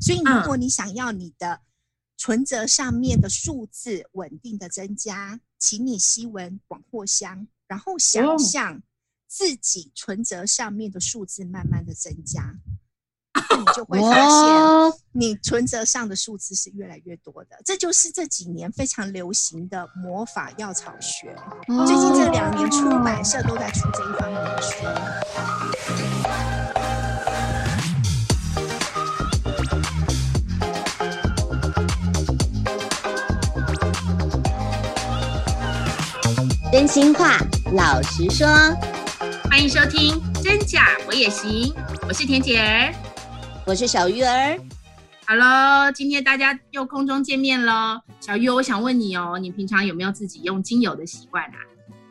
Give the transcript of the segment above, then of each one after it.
所以，如果你想要你的存摺上面的數字穩定的增加，請你吸聞廣藿香，然後想象自己存摺上面的數字慢慢的增加，嗯、你就會發現你存摺上的數字是越來越多的。這就是這幾年非常流行的魔法藥草學，最近這兩年出版社都在出這一方面的書。真心話，老實說，歡迎收聽《真假我也行》，我是恬姐兒，我是小瑜兒，Hello，今天大家又空中見面嘍，小瑜兒，我想問你哦，你平常有沒有自己用精油的習慣啊？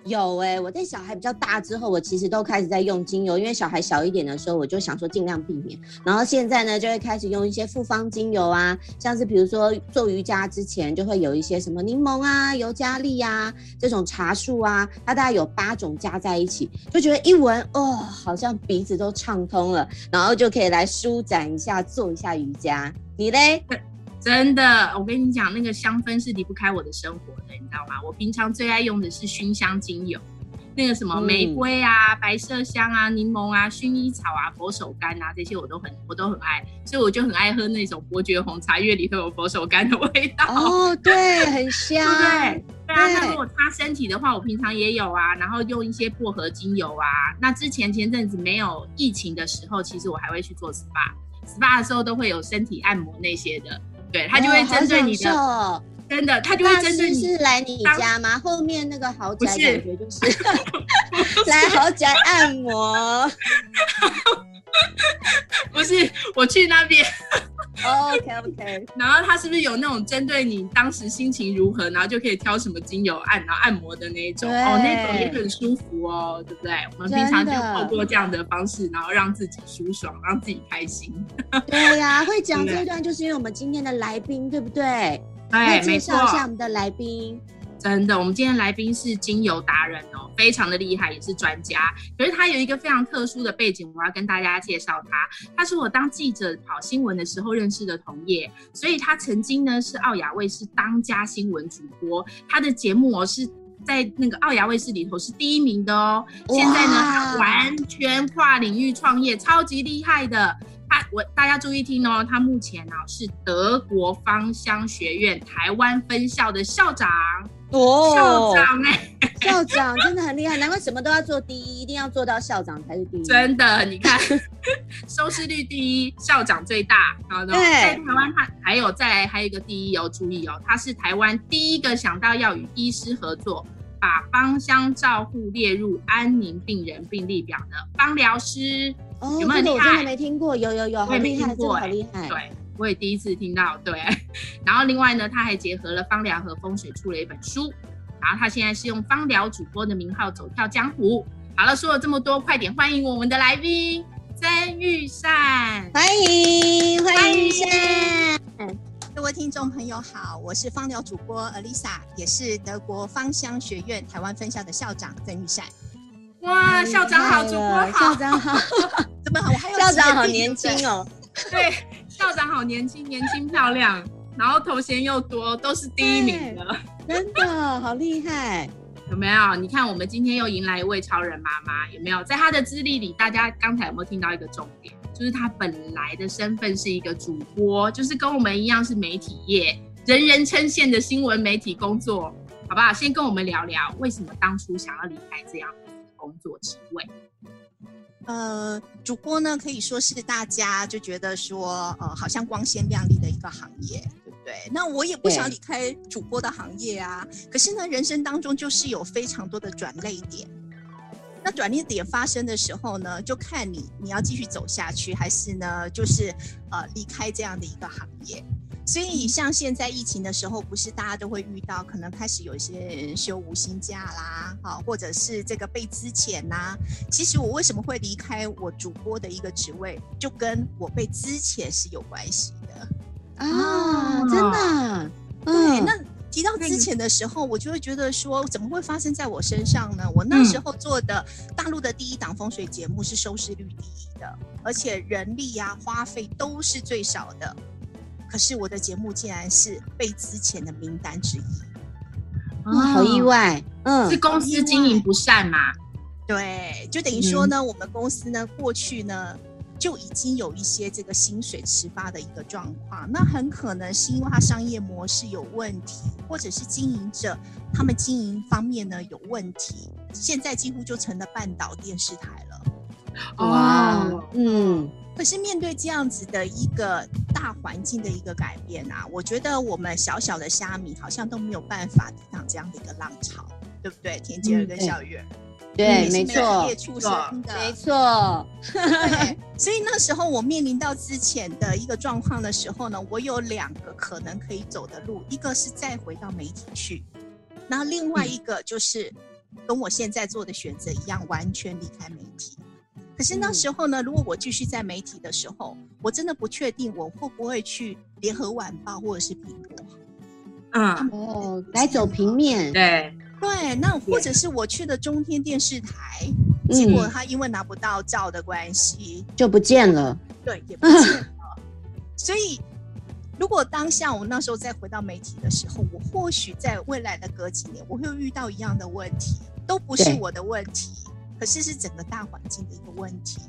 有哎、欸，我在小孩比較大之後，我其實都開始在用精油，因為小孩小一點的時候，我就想說盡量避免。然後現在呢，就會開始用一些複方精油啊，像是比如說做瑜伽之前，就會有一些什麼檸檬啊、尤加利呀、啊、這種茶樹啊，它大概有八種加在一起，就覺得一聞哦，好像鼻子都暢通了，然後就可以來舒展一下，做一下瑜伽。你嘞？真的，我跟你講，那個香氛是離不開我的生活的，你知道嗎？我平常最愛用的是熏香精油，那個什麼玫瑰啊、嗯、白麝香啊、檸檬啊、薰衣草啊、佛手柑啊，這些我都很我都很愛，所以我就很愛喝那種伯爵紅茶，因為裡頭有佛手柑的味道。哦，對，對，很香，對不對？對啊。那如果擦身體的話，我平常也有啊，然後用一些薄荷精油啊。那之前前陣子沒有疫情的時候，其實我還會去做 SPA，SPA SPA 的時候都會有身體按摩那些的。對，他就會針對你的，哦，真的，他就會針對你。是來你家嗎？後面那個豪宅感覺就是，是， 是來豪宅按摩， 不是我去那邊。 oh, OK OK，然後它是不是有那種針對你當時心情如何，然後就可以挑什麼精油按，然後按摩的那一種？哦，那、oh, 種也很舒服哦，對不對？我們平常就透過這樣的方式，然後讓自己舒爽，讓自己開心。 對呀、啊，會講這一段，就是因為我們今天的來賓，對不對？對，沒錯。來介紹一下我們的來賓。真的，我們今天來賓是精油達人哦，非常的厲害，也是專家。可是他有一個非常特殊的背景，我要跟大家介紹他。他是我當記者跑、哦、新聞的時候認識的同業，所以他曾經呢是澳亞衛視當家新聞主播，他的節目哦是在那個澳亞衛視裡頭是第一名的哦。哇！現在呢他完全跨領域創業，超級厲害的。他我大家注意聽哦，他目前呢、哦、是德國芳香學院台灣分校的校長。哦、oh,，校長哎、欸，校長真的很厲害， 難怪什麼都要做第一，一定要做到校長才是第一。真的，你看 收視率第一，校長最大， 對。在台灣，他還有再來還有一個第一、哦，要注意哦，他是台灣第一個想到要與醫師合作，把芳香照護列入安寧病人病歷表的芳療師，oh, 有沒有很厲害？這個，我真的沒聽過，有有有，好厲害，很厲害，對。我也第一次聽到，對。然後另外呢，他還結合了芳療和風水出了一本書。然後他現在是用芳療主播的名號走跳江湖。好了，說了這麼多，快點歡迎我們的來賓曾鈺善。歡迎，歡迎，歡迎。各位聽眾朋友好，我是芳療主播 Alisa，也是德國芳香學院台灣分校的校長曾鈺善。哇，校長好，主播好，校長好， 怎麼好？我還有弟弟校長好年輕哦。 對。校長好年輕，年輕漂亮，然後頭銜又多，都是第一名的，真的好厲害。 有沒有？你看，我們今天又迎來一位超人媽媽，有沒有？在她的資歷裡，大家剛才有沒有聽到一個重點？就是她本來的身份是一個主播，就是跟我們一樣是媒體業，人人稱羨的新聞媒體工作。好吧好，先跟我們聊聊，為什麼當初想要離開這樣的工作職位？呃，主播呢，可以說是大家就覺得說，呃，好像光鮮亮麗的一個行業，對不對？那我也不想離開主播的行業啊。可是呢，人生當中就是有非常多的轉捩點。那轉捩點發生的時候呢，就看你你要繼續走下去，還是呢，就是呃離開這樣的一個行業。所以，像現在疫情的時候，不是大家都會遇到，可能開始有一些人休無薪假啦，好、啊，或者是這個被資遣吶、啊。其實，我為什麼會離開我主播的一個職位，就跟我被資遣是有關係的啊，啊！真的，對。那提到資遣的時候，我就會覺得說，怎麼會發生在我身上呢？我那時候做的大陸的第一檔風水節目是收視率第一的，而且人力呀、啊、花費都是最少的。可是我的節目竟然是被之前的名單之一，哦，好意外，嗯，是公司經營不善嗎？嗯，對，就等於說呢，我們公司呢，過去呢就已經有一些這個薪水遲發的一個狀況，那很可能是因為它商業模式有問題，或者是經營者他們經營方面呢有問題，現在幾乎就成了半島電視台了，哦，哇，嗯。可是面對這樣子的一個大環境的一個改變啊，我覺得我們小小的蝦米好像都沒有辦法抵擋這樣的一個浪潮，對不對？恬姐兒跟小瑜兒，嗯嗯、對，你是專業出身的，沒錯，沒錯，沒錯。 所以那時候我面臨到之前的一個狀況的時候呢，我有兩個可能可以走的路，一個是再回到媒體去，那另外一個就是跟我現在做的選擇一樣，完全離開媒體。可是那時候呢，嗯、如果我繼續在媒體的時候，我真的不確定我會不會去聯合晚報或者是蘋果，啊、嗯、哦，改走平面，對對，那或者是我去的中天電視台、嗯，結果他因為拿不到照的關係就不見了，對，也不見了。 所以，如果當下我那時候再回到媒體的時候，我或許在未來的隔幾年，我會遇到一樣的問題，都不是我的問題。可是是整個大環境的一個問題，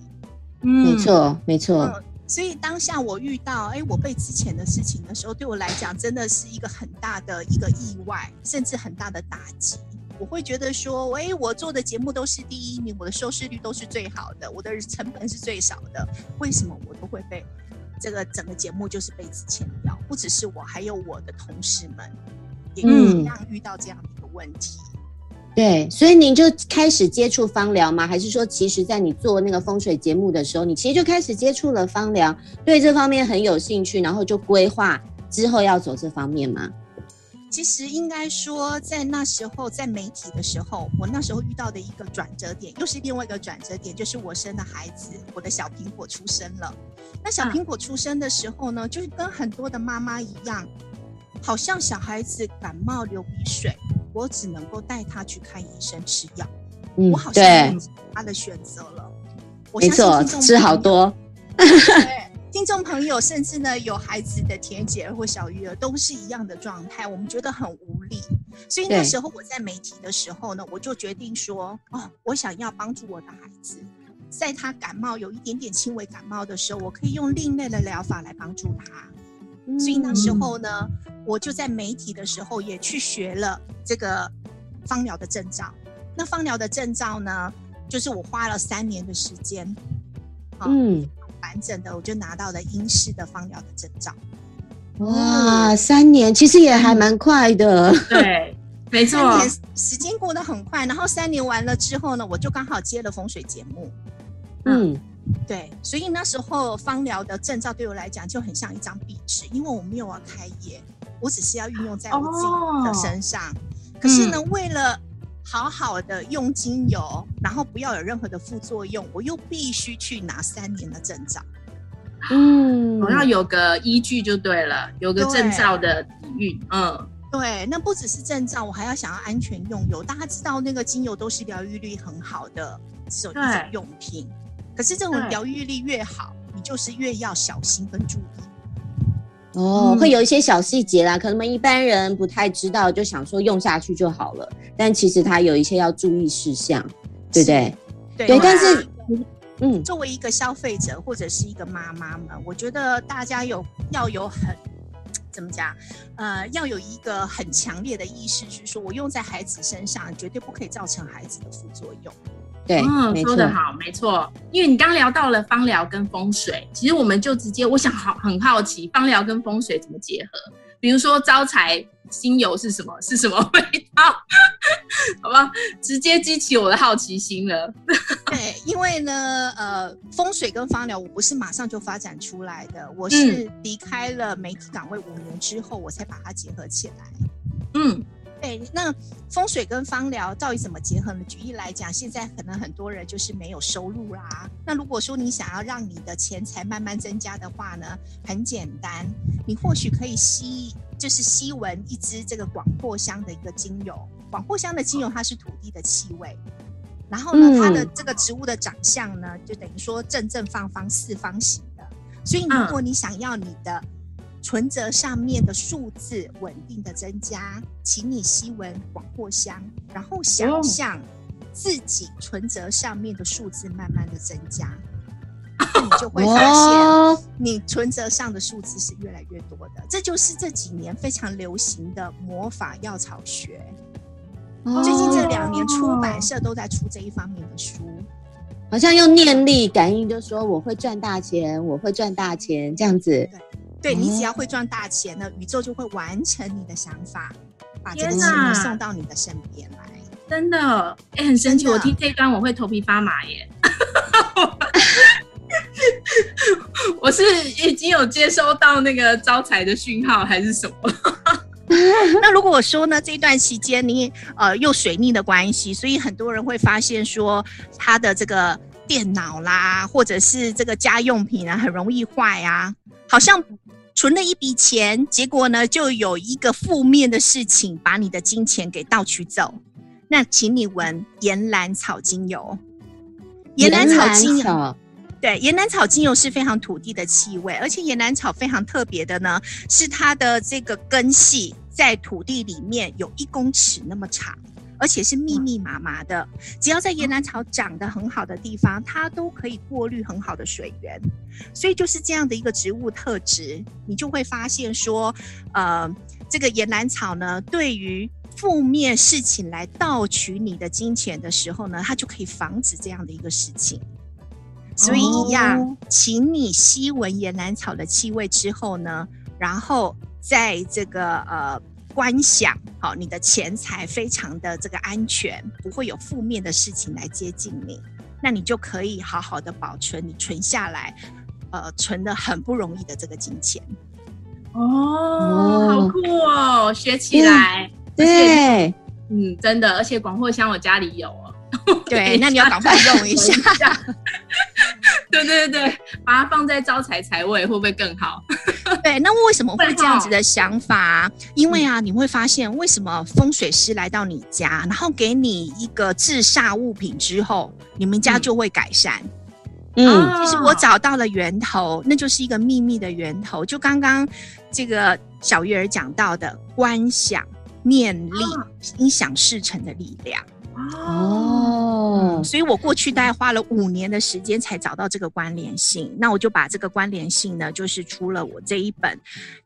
嗯，沒錯，沒錯。嗯，所以當下我遇到，哎，我被之前的事情的時候，對我來講真的是一個很大的一個意外，甚至很大的打擊。我會覺得說，哎，我做的節目都是第一名，我的收視率都是最好的，我的成本是最少的，為什麼我都會被這個整個節目就是被之前掉？不只是我，還有我的同事們也一樣遇到這樣的一個問題。嗯。對，所以您就開始接觸芳療嗎？還是說，其實在你做那個風水節目的時候，你其實就開始接觸了芳療，對這方面很有興趣，然後就規劃之後要走這方面嗎？其實應該說，在那時候在媒體的時候，我那時候遇到的一個轉折點，又是另外一個轉折點，就是我生的孩子，我的小蘋果出生了。那小蘋果出生的時候呢，啊、就是跟很多的媽媽一樣，好像小孩子感冒流鼻水。我只能夠帶他去看醫生吃藥，嗯，我好像他的選擇了，我沒錯，吃好多。 對，聽眾朋友甚至呢有孩子的恬姐兒或小瑜兒都是一樣的狀態，我們覺得很無力。所以那時候我在媒體的時候呢，我就決定說，哦，我想要幫助我的孩子，在他感冒有一點點輕微感冒的時候，我可以用另類的療法來幫助他。所以那時候呢。嗯我就在媒體的時候也去學了這個芳療的證照。那芳療的證照呢，就是我花了三年的時間，啊，嗯，完整的我就拿到了英式的芳療的證照。哇，嗯、三年其實也還蠻快的。嗯、對，沒錯，時間過得很快。然後三年完了之後呢，我就剛好接了風水節目。啊、嗯，對，所以那時候芳療的證照對我來講就很像一張壁紙，因為我沒有要開業。我只是要運用在我自己的身上，oh, 可是呢、嗯，為了好好的用精油，然後不要有任何的副作用，我又必須去拿三年的證照。嗯，我要有個依據就對了，有個證照的底蘊。嗯，對，那不只是證照，我還要想要安全用油。大家知道那個精油都是療癒力很好的，一種用品，可是這種療癒力越好，你就是越要小心跟注意。哦，會有一些小細節啦，嗯，可能我們一般人不太知道，就想說用下去就好了。但其實它有一些要注意事項，對不對？對，對，但是，嗯，作為一個消費者或者是一個媽媽們，我覺得大家有要有很怎麼講？呃，要有一個很強烈的意識，是說我用在孩子身上，絕對不可以造成孩子的副作用。對，嗯，說得好，沒錯，因為你剛聊到了芳療跟風水，其實我們就直接，我想好很好奇，芳療跟風水怎麼結合？比如說招財精油是什麼？是什麼味道？好吧，直接激起我的好奇心了。對，因為呢，呃，風水跟芳療我不是馬上就發展出來的，我是離開了媒體崗位五年之後，我才把它結合起來。嗯。對，那風水跟芳療到底怎麼結合呢？舉例來講，現在可能很多人就是沒有收入啦、啊。那如果說你想要讓你的錢財慢慢增加的話呢，很簡單，你或許可以吸，就是吸聞一支這個廣藿香的一個精油。廣藿香的精油它是土地的氣味，然後呢，它的這個植物的長相呢，就等於說正正方方四方形的。所以如果你想要你的存摺上面的數字穩定的增加，請你吸聞廣藿香，然後想象自己存摺上面的數字慢慢的增加，oh. 你就會發現你存摺上的數字是越來越多的。Oh. 這就是這幾年非常流行的魔法藥草學，oh. 最近這兩年出版社都在出這一方面的書，oh. 好像用念力感應，就說我會賺大錢，我會賺大錢這樣子。對，你只要會賺大錢呢，嗯、那宇宙就會完成你的想法，把東西送到你的身邊來。真的，也、欸、很神奇。我聽這一段我會頭皮發麻耶。 我是已經有接收到那個招財的訊號還是什麼？ 那如果我說呢，這一段期間你呃又水逆的關係，所以很多人會發現說他的這個電腦啦，或者是這個家用品啊，很容易壞啊，好像。存了一筆錢，結果呢，就有一個負面的事情把你的金錢給盜取走。那請你聞岩蘭草精油，岩蘭草精油，對，岩蘭草精油是非常土地的氣味，而且岩蘭草非常特別的呢，是它的這個根系在土地裡面有一公尺那麼長。而且是密密麻麻的，嗯、只要在岩蘭草長得很好的地方，嗯，它都可以過濾很好的水源，所以就是這樣的一個植物特質，你就會發現說，呃，這個岩蘭草呢，對於負面事情來盜取你的金錢的時候呢，它就可以防止這樣的一個事情。所以一樣，哦，請你吸聞岩蘭草的氣味之後呢，然後在這個呃。觀想，好，你的錢財非常的這個安全，不會有負面的事情來接近你，那你就可以好好的保存你存下來，呃，存得很不容易的這個金錢。哦，好酷哦，學起來。嗯、對，嗯，真的，而且廣藿香我家裡有哦。 對，那你要趕快用一下。 對 對對對，把它放在招財財位會不會更好？ 對，那為什麼會這樣子的想法？因為啊，嗯、你會發現為什麼風水師來到你家，然後給你一個制煞物品之後，你們家就會改善。嗯，嗯其實我找到了源頭，那就是一個秘密的源頭。就剛剛這個小瑜兒講到的觀想念力，心、啊、想事成的力量。哦、oh, 嗯，所以我過去大概花了五年的時間才找到這個關聯性，那我就把這個關聯性呢，就是出了我這一本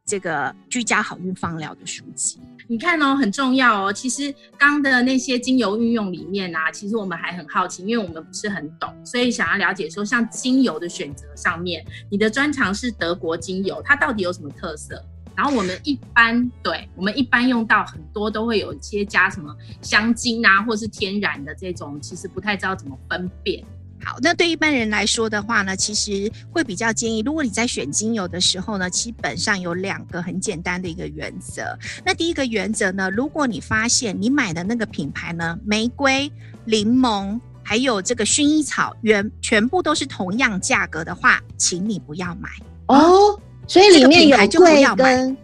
這個居家好運芳療的書籍。你看哦，很重要哦。其實剛的那些精油運用裡面啊，其實我們還很好奇，因為我們不是很懂，所以想要了解說，像精油的選擇上面，你的專長是德國精油，它到底有什麼特色？然後我們一般對，我們一般用到很多都會有一些加什麼香精啊，或是天然的這種，其實不太知道怎麼分辨。好，那對一般人來說的話呢，其實會比較建議，如果你在選精油的時候呢，基本上有兩個很簡單的一個原則。那第一個原則呢，如果你發現你買的那個品牌呢，玫瑰、檸檬還有這個薰衣草原全部都是同樣價格的話，請你不要買哦。所以裡面有貴跟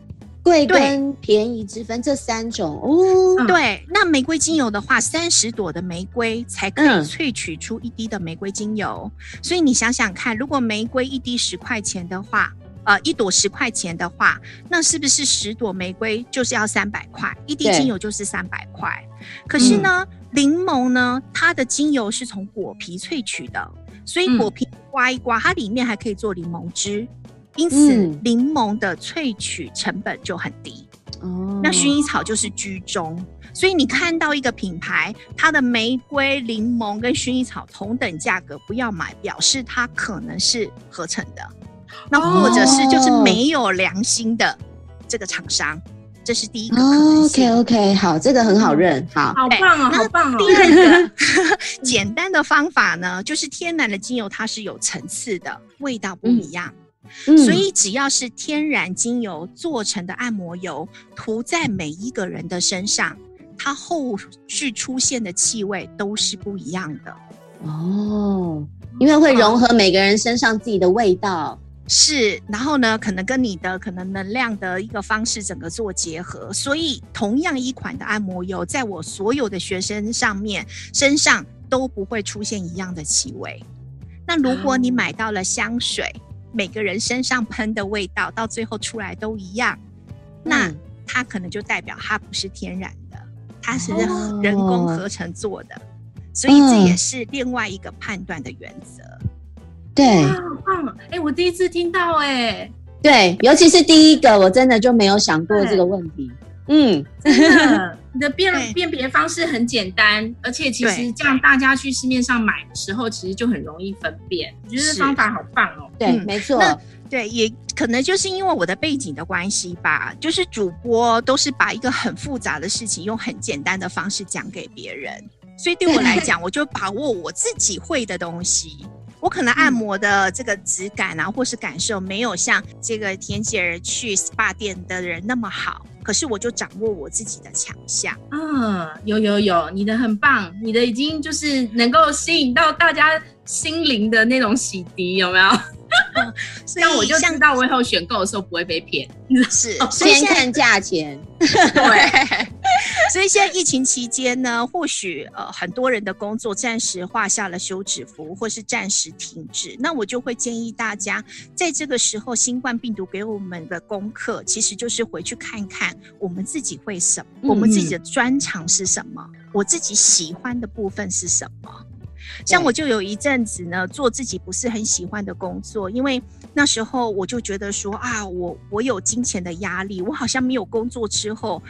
貴跟便宜之分，這三種哦。嗯、對，那玫瑰精油的話，三十朵的玫瑰才可以萃取出一滴的玫瑰精油。嗯、所以你想想看，如果玫瑰一滴十塊錢的話，呃，一朵十塊錢的話，那是不是十朵玫瑰就是要三百塊？一滴精油就是三百塊。可是呢，嗯、檸檬呢，它的精油是從果皮萃取的，所以果皮刮一刮，嗯、它裡面還可以做檸檬汁。因此，檸、嗯、檬的萃取成本就很低。哦、嗯，那薰衣草就是居中。所以你看到一個品牌，它的玫瑰、檸檬跟薰衣草同等價格，不要買，表示它可能是合成的。那或者是、哦、就是沒有良心的這個廠商，這是第一個可能、哦。OK OK，好，這個很好認。嗯、好，好棒哦、啊，好棒哦、啊。第二個簡單的方法呢，就是天然的精油它是有層次的，味道不一樣。嗯嗯，所以只要是天然精油做成的按摩油，塗在每一個人的身上，它後續出現的氣味都是不一樣的哦，因為會融合每個人身上自己的味道，啊，是，然後呢，可能跟你的可能能量的一個方式整個做結合，所以同樣一款的按摩油，在我所有的學生上面身上都不會出現一樣的氣味。那如果你買到了香水，嗯每個人身上噴的味道，到最後出來都一樣，嗯，那它可能就代表它不是天然的，它是人工合成做的，哦，所以這也是另外一個判斷的原則，嗯。對，哎，啊啊欸，我第一次聽到、欸，哎，對，尤其是第一個，我真的就沒有想過這個問題。嗯嗯 你的辨辨別方式很簡單，而且其實這樣大家去市面上買的時候，其實就很容易分辨。我覺得方法好棒哦。對、嗯，沒錯。那對，也可能就是因為我的背景的關係吧，就是主播都是把一個很複雜的事情用很簡單的方式講給別人，所以對我來講，我就把握我，我自己會的東西。我可能按摩的這個質感啊，嗯、或是感受，沒有像這個恬姐兒去 spa 店的人那麼好。可是我就掌握我自己的強項，嗯，有有有，你的很棒，你的已經就是能夠吸引到大家。心靈的那種洗滌有沒有？嗯、所以 我就知道我以後選購的時候不會被騙，是、哦、現先看價錢。 對，所以現在疫情期間呢，或許呃很多人的工作暫時畫下了休止符，或是暫時停止。那我就會建議大家，在這個時候，新冠病毒給我們的功課，其實就是回去看一看我們自己會什麼，嗯嗯我們自己的專長是什麼，我自己喜歡的部分是什麼。像我就有一陣子呢，做自己不是很喜歡的工作，因為那時候我就覺得說啊，我我有金錢的壓力，我好像沒有工作之後，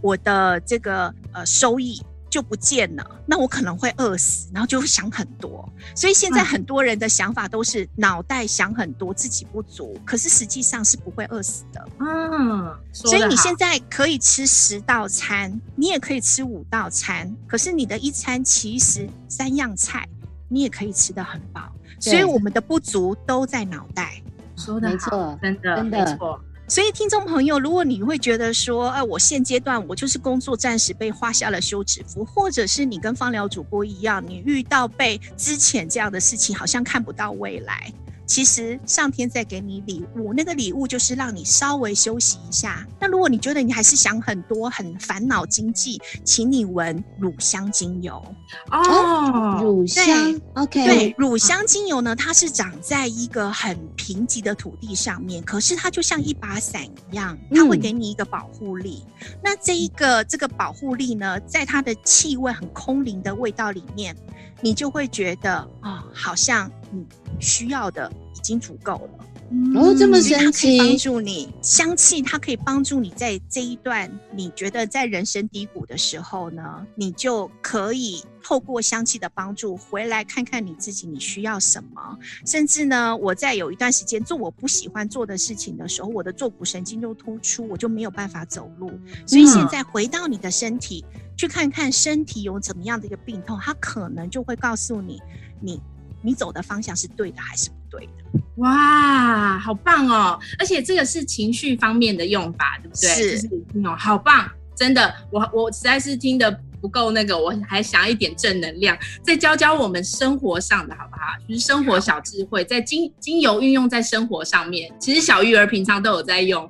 我的這個呃收益就不見了，那我可能會餓死，然後就會想很多，所以現在很多人的想法都是腦袋想很多，嗯、自己不足，可是實際上是不會餓死的。嗯，所以你現在可以吃十道餐，你也可以吃五道餐，可是你的一餐其實三樣菜，你也可以吃得很飽。所以我們的不足都在腦袋。說的沒錯，真的真的沒錯。所以，聽眾朋友，如果你會覺得說，哎、呃，我現階段我就是工作暫時被畫下了休止符，或者是你跟芳療主播一樣，你遇到被之前這樣的事情，好像看不到未來，其實上天在給你禮物，那個禮物就是讓你稍微休息一下。那如果你覺得你還是想很多，很煩惱，經濟，請你聞乳香精油哦，哦。乳香對，OK，對，乳香精油呢，哦，它是長在一個很貧瘠的土地上面，可是它就像一把傘一樣，它會給你一個保護力。嗯，那這一個這個保護力呢，在它的氣味很空靈的味道裡面，你就會覺得哦，好像。你需要的已經足夠了。哦，這麼神、嗯、它可以幫助你香氣，它可以幫助你在這一段你覺得在人生低谷的時候呢，你就可以透過香氣的幫助回來看看你自己，你需要什麼。甚至呢，我在有一段時間做我不喜歡做的事情的時候，我的坐骨神經就突出，我就沒有辦法走路，嗯。所以現在回到你的身體，去看看身體有怎麼樣的一個病痛，它可能就會告訴你你，你走的方向是對的還是不對的？哇，好棒哦！而且這個是情緒方面的用法，對不對？是，就是哦，好棒，真的，我我實在是聽得。不夠那個，我還想要一點正能量，再教教我們生活上的好不好？就是生活小智慧，在精精油運用在生活上面。其實小瑜兒平常都有在用，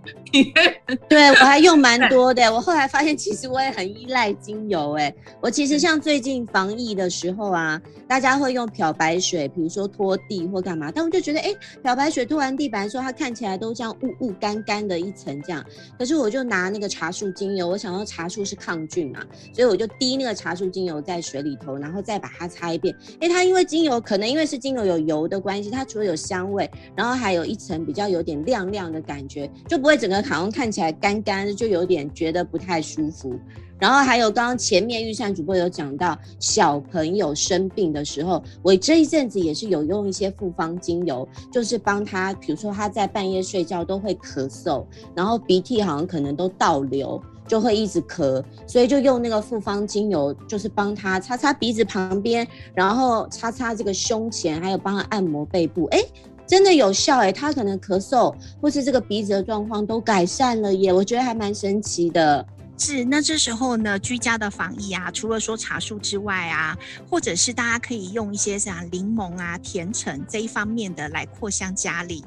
對我還用蠻多的。我後來發現，其實我也很依賴精油。哎，我其實像最近防疫的時候啊，大家會用漂白水，比如說拖地或幹嘛，但我就覺得，哎、欸，漂白水拖完地板的時候，它看起來都像霧霧乾乾的一層這樣。可是我就拿那個茶樹精油，我想要茶樹是抗菌嘛，所以我就。滴那個茶樹精油在水裡頭，然後再把它擦一遍。哎，它因為精油，可能因為是精油有油的關係，它除了有香味，然後還有一層比較有點亮亮的感覺，就不會整個好像看起來乾乾，就有點覺得不太舒服。然後還有剛剛前面鈺善主播有講到小朋友生病的時候，我這一陣子也是有用一些複方精油，就是幫他，比如說他在半夜睡覺都會咳嗽，然後鼻涕好像可能都倒流，就會一直咳，所以就用那個複方精油，就是幫他擦擦鼻子旁邊，然後擦擦這個胸前，還有幫他按摩背部，誒，真的有效，誒、欸、他可能咳嗽或是這個鼻子的狀況都改善了耶，我覺得還蠻神奇的。是，那這時候呢，居家的防疫啊，除了說茶樹之外啊，或者是大家可以用一些像檸檬啊、甜橙這一方面的來擴香家裡。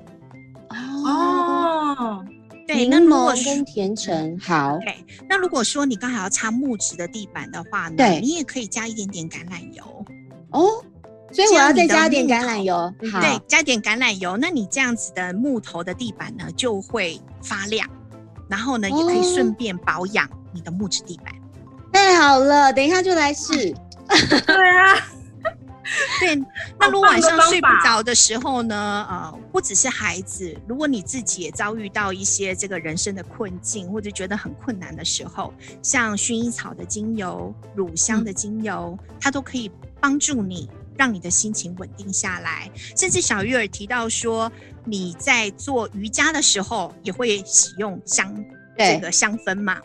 哦，對，檸檬跟甜橙。好。對，那如果說你剛好要擦木質的地板的話呢，對，你也可以加一點點橄欖油。哦。所以我要再加一點橄欖油，油。好。對，加一點橄欖油，那你這樣子的木頭的地板呢，就會發亮，然後呢，哦、也可以順便保養。你的木質地板太好了，等一下就來試、嗯。對啊， 對。那如果晚上睡不着的時候呢？呃，不只是孩子，如果你自己也遭遇到一些這個人生的困境，或者覺得很困難的時候，像薰衣草的精油、乳香的精油，嗯、它都可以幫助你，讓你的心情穩定下來。甚至小瑜兒提到說，你在做瑜伽的時候也會使用香。對這個香氛嘛，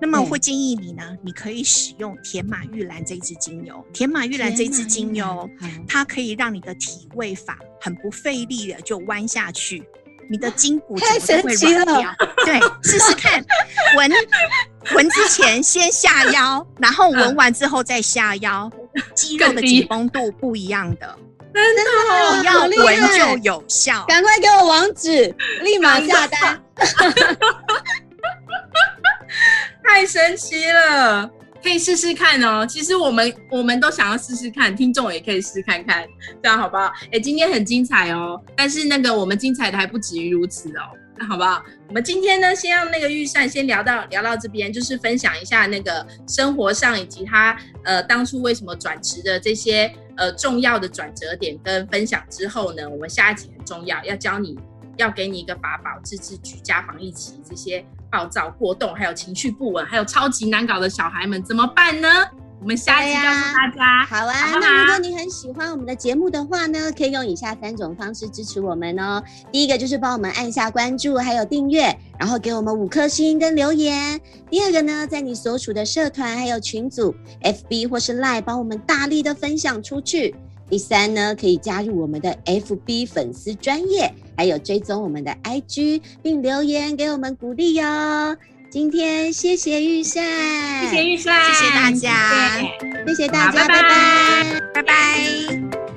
那麼我會建議你呢，你可以使用甜馬鬱蘭這支精油。甜馬鬱蘭這支精油，它可以讓你的體位法很不費力的就彎下去，你的筋骨怎麼都會軟掉？對，試試看，聞聞之前先下腰，然後聞完之後再下腰，肌肉的緊繃度不一樣的，真的要聞就有效，趕快給我網址，立馬下單。太神奇了，可以試試看哦。其實我們我們都想要試試看，聽眾也可以試看看，這樣、啊、好不好？誒，今天很精彩哦。但是那個我們精彩的還不止於如此哦，那好不好？我們今天呢，先讓那個鈺善先聊到聊到這邊，就是分享一下那個生活上以及他呃當初為什麼轉職的這些呃重要的轉折點。跟分享之後呢，我們下一集很重要要教你。要給你一個法寶，自治居家防疫期這些暴躁、過動，還有情緒不穩，還有超級難搞的小孩們怎麼辦呢？我們下一期告訴大家。啊好，啊好，好啊，那如果你很喜歡我們的節目的話呢，可以用以下三種方式支持我們哦。第一個就是幫我們按下關注，還有訂閱，然後給我們五顆星跟留言。第二個呢，在你所屬的社團還有群組，FB 或是 Line 幫我們大力的分享出去。第三呢，可以加入我們的 FB 粉絲專頁，還有追蹤我們的 IG，並留言給我們鼓勵喲、哦。今天謝謝鈺善，謝謝鈺善，謝謝大家，謝謝,謝,謝大家，拜拜，拜拜。拜拜